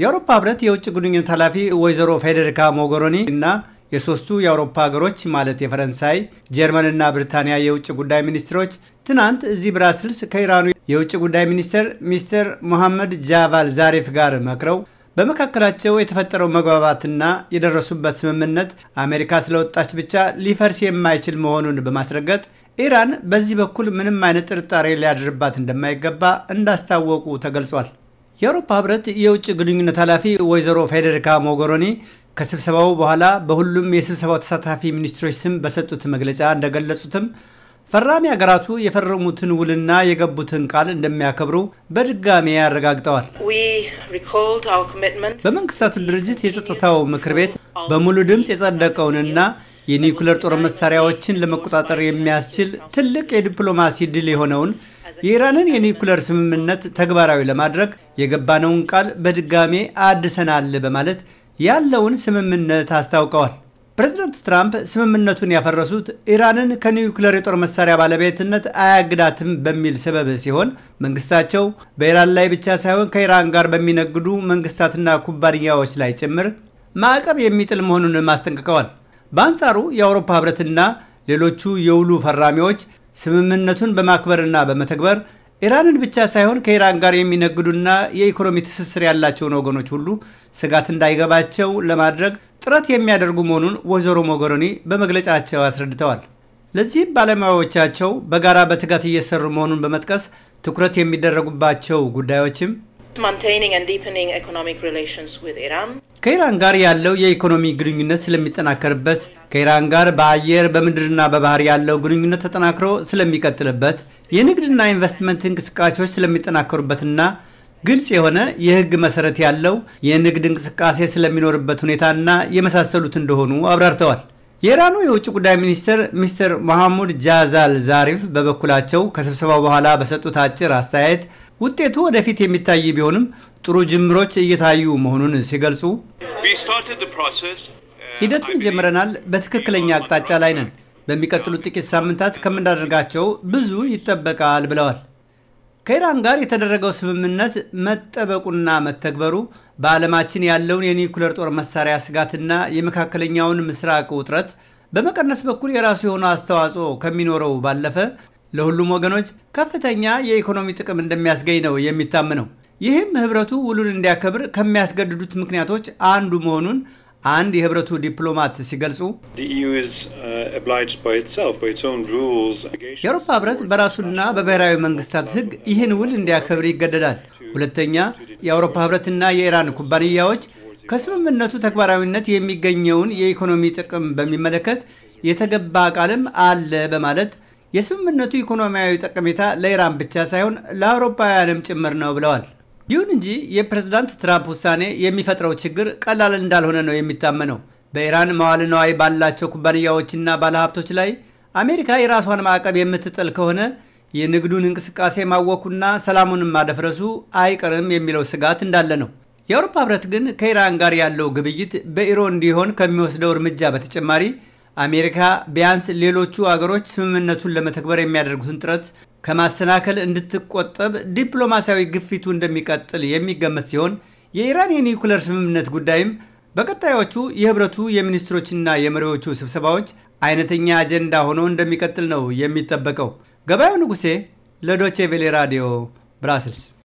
የአውሮፓ ህብረት የውጭ ግንኙነት ኃላፊ ወይዘሮ ፌዴሪካ ሞጎሮኒ እና የሶስቱ የአውሮፓ ሀገሮች ማለት የፈረንሳይ፣ ና ብሪታንያ የውጭ ጉዳይ ሚኒስትሮች ትናንት እዚህ ብራስልስ ከኢራኑ የውጭ ጉዳይ ሚኒስትር ሚስተር ሞሐመድ ጃቫል ዛሪፍ ጋር መክረው በመካከላቸው የተፈጠረው መግባባትና የደረሱበት ስምምነት አሜሪካ ስለወጣች ብቻ ሊፈርስ የማይችል መሆኑን በማስረገጥ ኢራን በዚህ በኩል ምንም አይነት ጥርጣሬ ሊያድርባት እንደማይገባ እንዳስታወቁ ተገልጿል። የአውሮፓ ህብረት የውጭ ግንኙነት ኃላፊ ወይዘሮ ፌዴሪካ ሞጎሮኒ ከስብሰባው በኋላ በሁሉም የስብሰባው ተሳታፊ ሚኒስትሮች ስም በሰጡት መግለጫ እንደገለጹትም ፈራሚ ሀገራቱ የፈረሙትን ውልና የገቡትን ቃል እንደሚያከብሩ በድጋሚ ያረጋግጠዋል። በመንግስታቱ ድርጅት የጸጥታው ምክር ቤት በሙሉ ድምፅ የጸደቀውንና የኒውክለር ጦር መሳሪያዎችን ለመቆጣጠር የሚያስችል ትልቅ የዲፕሎማሲ ድል የሆነውን የኢራንን የኒውክለር ስምምነት ተግባራዊ ለማድረግ የገባነውን ቃል በድጋሜ አድሰናል በማለት ያለውን ስምምነት አስታውቀዋል። ፕሬዝደንት ትራምፕ ስምምነቱን ያፈረሱት ኢራንን ከኒውክለር የጦር መሳሪያ ባለቤትነት አያግዳትም በሚል ሰበብ ሲሆን መንግስታቸው በኢራን ላይ ብቻ ሳይሆን ከኢራን ጋር በሚነግዱ መንግስታትና ኩባንያዎች ላይ ጭምር ማዕቀብ የሚጥል መሆኑን አስጠንቅቀዋል። በአንጻሩ የአውሮፓ ህብረትና ሌሎቹ የውሉ ፈራሚዎች ስምምነቱን በማክበርና በመተግበር ኢራንን ብቻ ሳይሆን ከኢራን ጋር የሚነግዱና የኢኮኖሚ ትስስር ያላቸውን ወገኖች ሁሉ ስጋት እንዳይገባቸው ለማድረግ ጥረት የሚያደርጉ መሆኑን ወይዘሮ ሞገሪኒ በመግለጫቸው አስረድተዋል። ለዚህም ባለሙያዎቻቸው በጋራ በትጋት እየሰሩ መሆኑን በመጥቀስ ትኩረት የሚደረጉባቸው ጉዳዮችም ኢራን ከኢራን ጋር ያለው የኢኮኖሚ ግንኙነት ስለሚጠናከርበት፣ ከኢራን ጋር በአየር በምድርና በባህር ያለው ግንኙነት ተጠናክሮ ስለሚቀጥልበት፣ የንግድና ኢንቨስትመንት እንቅስቃሴዎች ስለሚጠናከሩበትና ግልጽ የሆነ የሕግ መሰረት ያለው የንግድ እንቅስቃሴ ስለሚኖርበት ሁኔታና የመሳሰሉት እንደሆኑ አብራርተዋል። የኢራኑ የውጭ ጉዳይ ሚኒስትር ሚስተር መሐሙድ ጃዛል ዛሪፍ በበኩላቸው ከስብሰባው በኋላ በሰጡት አጭር አስተያየት ውጤቱ ወደፊት የሚታይ ቢሆንም ጥሩ ጅምሮች እየታዩ መሆኑን ሲገልጹ uh, ሂደቱን ጀምረናል፣ በትክክለኛ አቅጣጫ ላይ ነን፣ በሚቀጥሉት ጥቂት ሳምንታት ከምናደርጋቸው ብዙ ይጠበቃል ብለዋል። ከኢራን ጋር የተደረገው ስምምነት መጠበቁና መተግበሩ በዓለማችን ያለውን የኒውክለር ጦር መሳሪያ ስጋትና የመካከለኛውን ምስራቅ ውጥረት በመቀነስ በኩል የራሱ የሆነ አስተዋጽኦ ከሚኖረው ባለፈ ለሁሉም ወገኖች ከፍተኛ የኢኮኖሚ ጥቅም እንደሚያስገኝ ነው የሚታምነው። ይህም ህብረቱ ውሉን እንዲያከብር ከሚያስገድዱት ምክንያቶች አንዱ መሆኑን አንድ የህብረቱ ዲፕሎማት ሲገልጹ e uh, የአውሮፓ ህብረት በራሱና በብሔራዊ መንግስታት ህግ ይህን ውል እንዲያከብር ይገደዳል። ሁለተኛ የአውሮፓ ህብረትና የኢራን ኩባንያዎች ከስምምነቱ ተግባራዊነት የሚገኘውን የኢኮኖሚ ጥቅም በሚመለከት የተገባ ቃልም አለ በማለት የስምምነቱ ኢኮኖሚያዊ ጠቀሜታ ለኢራን ብቻ ሳይሆን ለአውሮፓውያንም ጭምር ነው ብለዋል። ይሁን እንጂ የፕሬዝዳንት ትራምፕ ውሳኔ የሚፈጥረው ችግር ቀላል እንዳልሆነ ነው የሚታመነው። በኢራን መዋዕለ ነዋይ ባላቸው ኩባንያዎችና ባለሀብቶች ላይ አሜሪካ የራሷን ማዕቀብ የምትጥል ከሆነ የንግዱን እንቅስቃሴ ማወኩና ሰላሙንም ማደፍረሱ አይቀርም የሚለው ስጋት እንዳለ ነው። የአውሮፓ ህብረት ግን ከኢራን ጋር ያለው ግብይት በኢሮ እንዲሆን ከሚወስደው እርምጃ በተጨማሪ አሜሪካ ቢያንስ ሌሎቹ አገሮች ስምምነቱን ለመተግበር የሚያደርጉትን ጥረት ከማሰናከል እንድትቆጠብ ዲፕሎማሲያዊ ግፊቱ እንደሚቀጥል የሚገመት ሲሆን የኢራን የኒውክለር ስምምነት ጉዳይም በቀጣዮቹ የህብረቱ የሚኒስትሮችና የመሪዎቹ ስብሰባዎች አይነተኛ አጀንዳ ሆኖ እንደሚቀጥል ነው የሚጠበቀው። ገበያው ንጉሴ ለዶቼ ቬሌ ራዲዮ ብራስልስ